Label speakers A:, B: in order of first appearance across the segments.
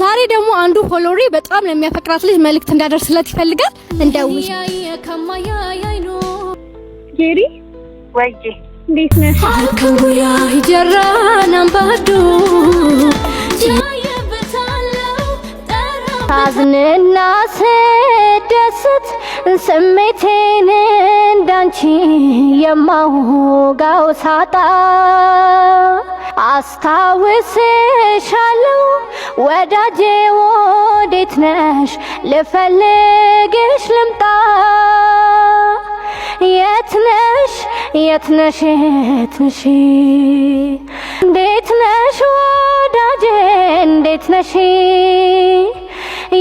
A: ዛሬ ደግሞ አንዱ ፎሎሪ በጣም ለሚያፈቅራት ልጅ መልእክት እንዳደርስለት ይፈልጋል። እንደውሽ ጄሪ
B: ወይ
C: ስደስት ስሜቴን እንዳንቺ የማውጋው ሳጣ አስታውስሻለሁ ወዳጄ ወዴት ነሽ ልፈልግሽ ልምጣ የትነሽ የትነሽ የትነሽ እንዴት ነሽ ወዳጄ እንዴት ነሽ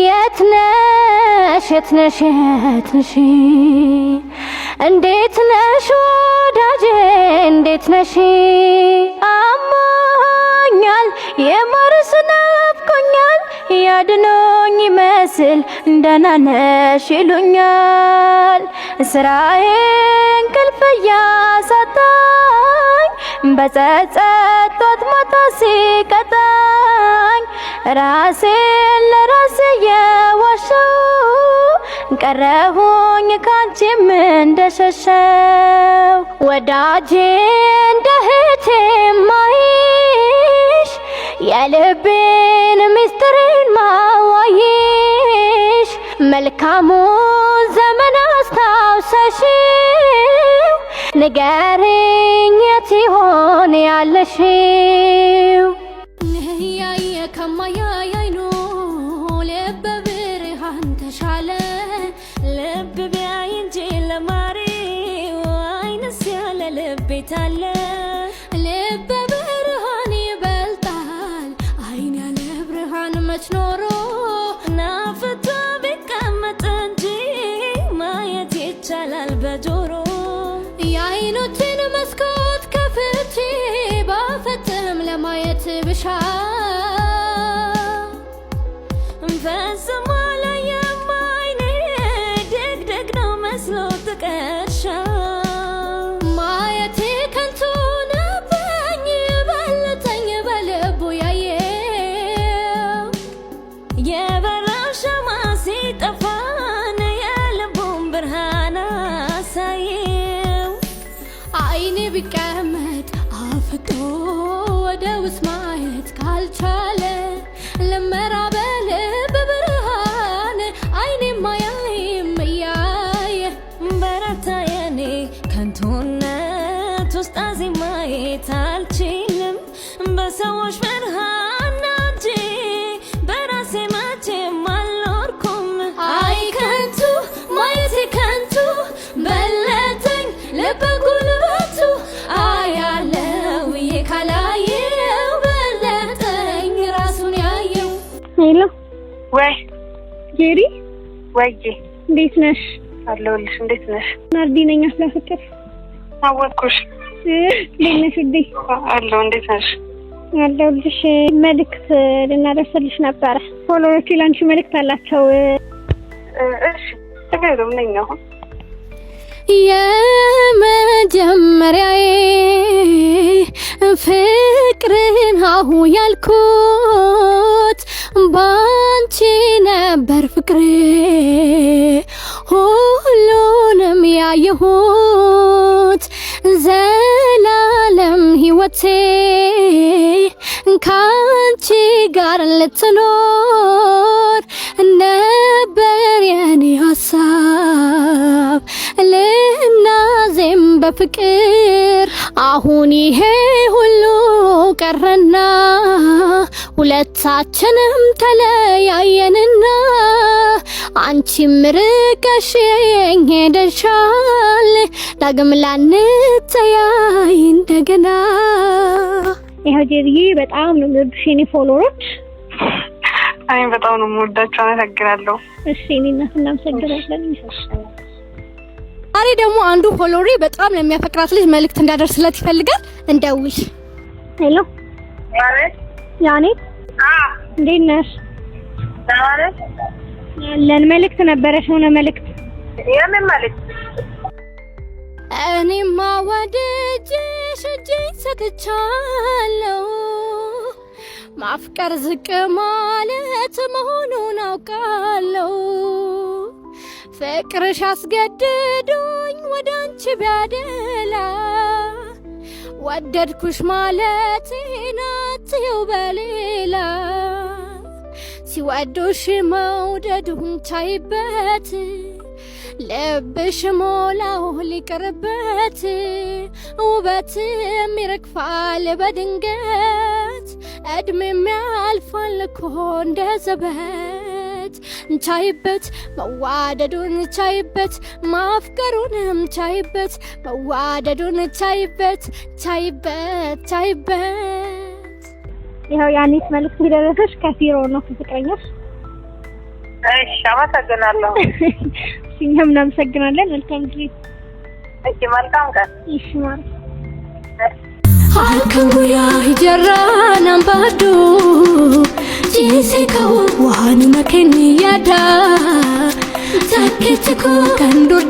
C: የትነሽ የትነሽ የትነሽ እንዴት ነሽ ወዳጄ እንዴት ነሽ አድኖኝ ይመስል ደህና ይሉኛል። ስራዬ እንቅልፍ እያሳጣኝ በጸጸት ጧት ማታ ሲቀጣኝ ራሴን ለራሴ የዋሸው ቀረሁኝ ካንቺ ምንደሸሸው ወዳጄ እንደህቴ ማይሽ የልቤ قدرين ما وايش ملكا مو زمن استاو ساشي نقارين يتي هوني علشي نهي يا يا كما يا يا نو لب بيري هانتش علي በጆሮ የአይኖችን መስኮት ከፍቼ ባፈጥም ለማየት ብሻ ፈጽሞ አላየም አይኔ ደግደግ ነው መስሎ ጥቀሻ ቢቀመጥ አፍጦ ወደ ውስጥ ማየት ካልቻለ ለመራ
B: ወይ እንዴት ነሽ? አለሁልሽ። እንዴት ነሽ?
A: ናርዲ ነኝ። አፍላ ፍቅር አወቅኩሽ። እንዴት ነሽ ውዴ?
B: አለሁ። እንዴት ነሽ?
A: አለሁልሽ። መልዕክት ልናደርስልሽ ነበረ። ፎሎዎቹ ላንቺ መልዕክት አላቸው።
B: እሺ ትገሩም ነኝ አሁን
C: የመጀመሪያዬ ፍቅርን አሁ ያልኩት ባንቺ ነበር ፍቅሬ ሁሉንም ያየሁት ዘላለም ህይወቴ ካንቺ ጋር ልትኖር ነበር የኔ ሀሳብ ልናዜም በፍቅር አሁን ይሄ ሁሉ ቀረና ሁለታችንም ተለያየንና አንቺም ርቀሽኝ ሄደሻል። ዳግም ላንተያይ እንደገና።
A: ይኸው ጄሪዬ በጣም ነው የሚወዱሽ የኔ ፎሎወሮች። እኔ በጣም ነው የምወዳቸው። አመሰግናለሁ። እሺ እኔ እናት
B: እናመሰግናለን። ዛሬ ደግሞ አንዱ ፎሎሬ
A: በጣም ለሚያፈቅራት ልጅ መልእክት እንዳደርስለት ይፈልጋል።
B: እንደውሽ
C: ሄሎ ያኔ እንዴት ነሽ? ያለን መልእክት ነበረሽ? የሆነ መልእክት? የምን መልእክት? እኔማ ወድጄሽ እጄን ሰጥቻለሁ፣ ማፍቀር ዝቅ ማለት መሆኑን አውቃለሁ። ፍቅርሽ አስገድዶኝ ወደ አንቺ ቢያደላ ወደድኩሽ ማለቴ በሌላ ሲወዱሽ መውደዱን ቻይበት ልብሽ ሞላው ሊቀርበት ውበትም ይረግፋል በድንገት እድሜም ያልፋል እኮ እንደ ዘበት ቻይበት መዋደዱን ቻይበት ማፍቀሩንም ቻይበት መዋደዱን ቻይበት ቻይበት ቻይበት
A: ይኸው ያኔት መልዕክት እንደደረሰሽ ከፊሮ ነው ፍቅረኛሽ።
B: እሺ አመሰግናለሁ።
A: እኛም እናመሰግናለን። መልካም ጊዜ።
B: እሺ መልካም ቀን።
A: እሺ ማለት
C: አልከውያ ጀራን አንባዱ ጂሲከው ዋን መከን ያዳ ከንዱር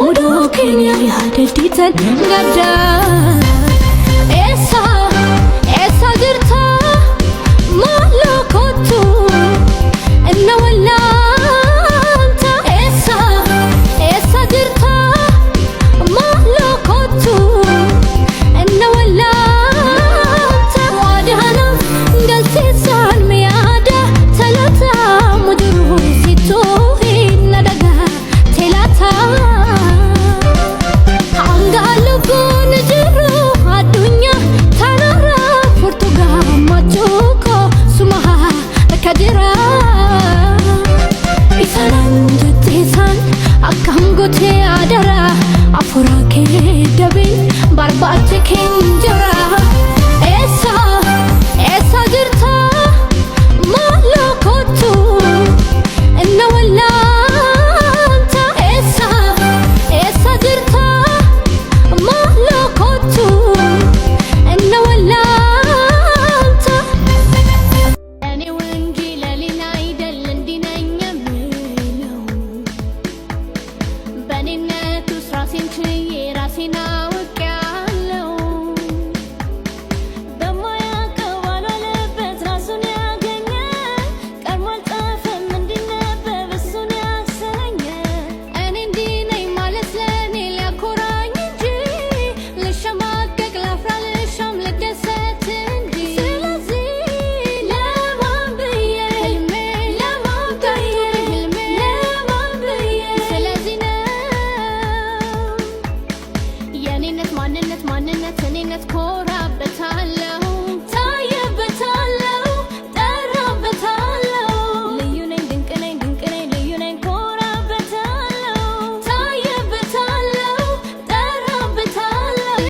C: ሙዶ ኬንያ ያደዲተን ገዳ no ये डबे बर्बाद खेल ማንነት ማንነት እኔነት ኮራበታለሁ